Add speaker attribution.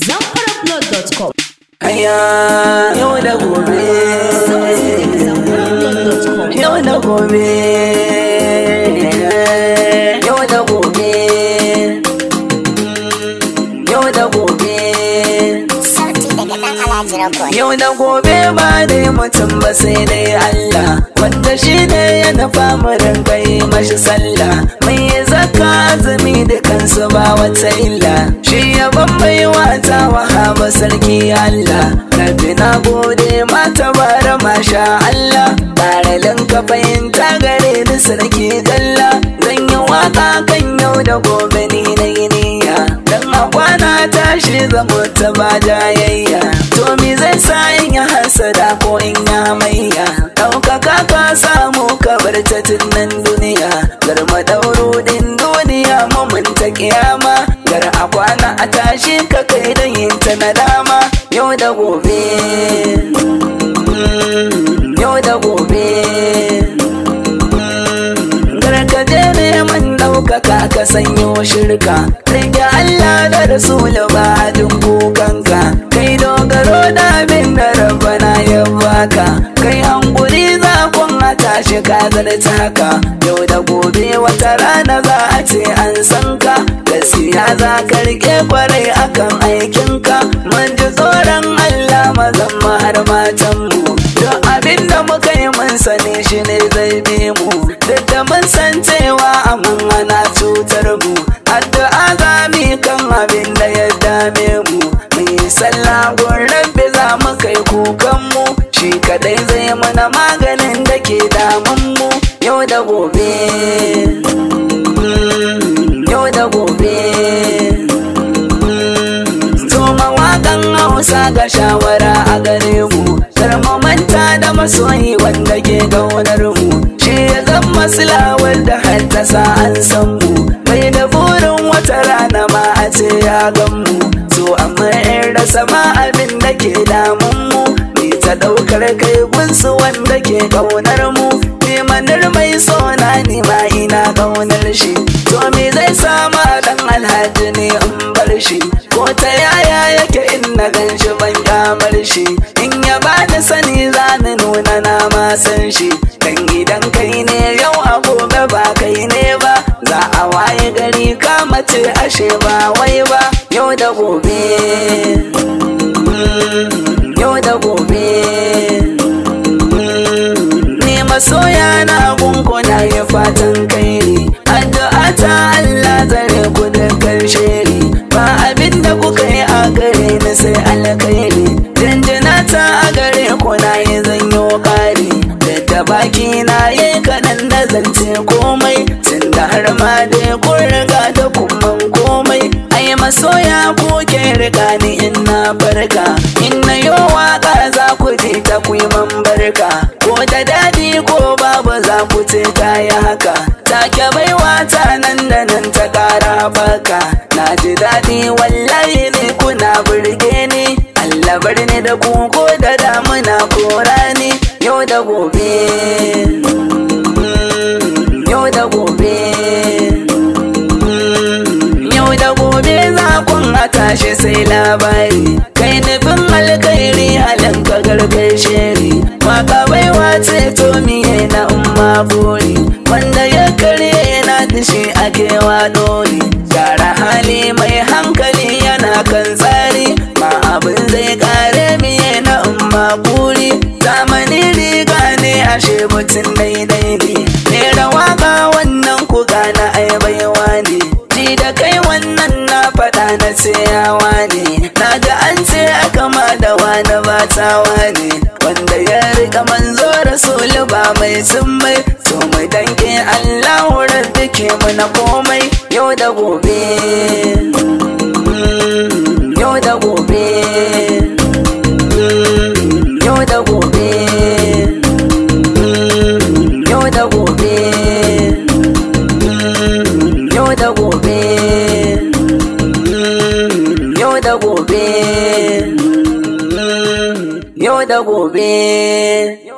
Speaker 1: zamfarablood.com yau da gobe yau da gobe ba ne mutum ba sai dai Allah wanda shi ne ya nufa mu rinka mashi sallah mai azumi da kansu ba wata illa shi ya bambai wata wahaba sarki Allah rabbi na gode mata bara masha Allah baralin ka fahimta gare ni sarki dalla zan yi waka kan yau da gobe ni na yi niyya dan a kwana tashi zama ta ba jayayya to me zai sa in yi hasada ko in yi mai barka ringa Allah da Rasul ba jin kukanka kai dogaro da abin da na ya baka kai hankuri za kun tashi ka zartaka yau da gobe wata rana za a ce an san ka gaskiya za ka rike kwarai akan aikinka mun ji tsoron Allah mazan har matanmu don abin da muka yi mun sani shi ne zai bi mu duk da mun san cewa amin ana shi kadai zai mana maganin da ke damun mu yau da gobe yau da gobe zoma wakan hausa ga shawara a gare mu manta da masoyi wanda ke gaunar mu shi ya zama silawar da haddasa an san mu bai da burin wata rana ma a ce ya gan mu so amma in rasa ma abin da ke damun mu. ka ɗaukar kai gunsu wanda ke ƙaunar mu nemanar mai sona ne ma ina ƙaunar shi to me zai sama dan alhaji ne in bar shi ko ta yaya yake in na gan shi ban shi in ya bani sani za ni nuna na ma san shi dan idan kai ne yau a gobe ba kai ne ba za a waye gari ka mace ashe ba wai ba yau da gobe zance komai tun da har ma dai kun riga da kumman komai ai masoya ko ke riga ni in na barka in na yo waka za ku ji ta ku yi barka ko da dadi ko babu za ku ce ta yi haka take baiwa ta nan da nan ta kara baka na ji daɗi wallahi ne kuna burge ni Allah bar ni da ku ko da damuna ko rani yau da gobe. tashi sai labari kai nufin alkairi halin kagar kai sheri waka baiwa ce to miye na umma buri wanda ya karye na dishi ake wa dori gara hali mai hankali yana kan tsari ma abin zai kare miye na umma buri zamani riga ne ashe mutum daidai ne wani na ga an ce kama da wani ba ta wani wanda ya rika manzo rasul ba mai summai to mai danke allahu rabbi mu na komai yau da gobe da gobe yau da gobe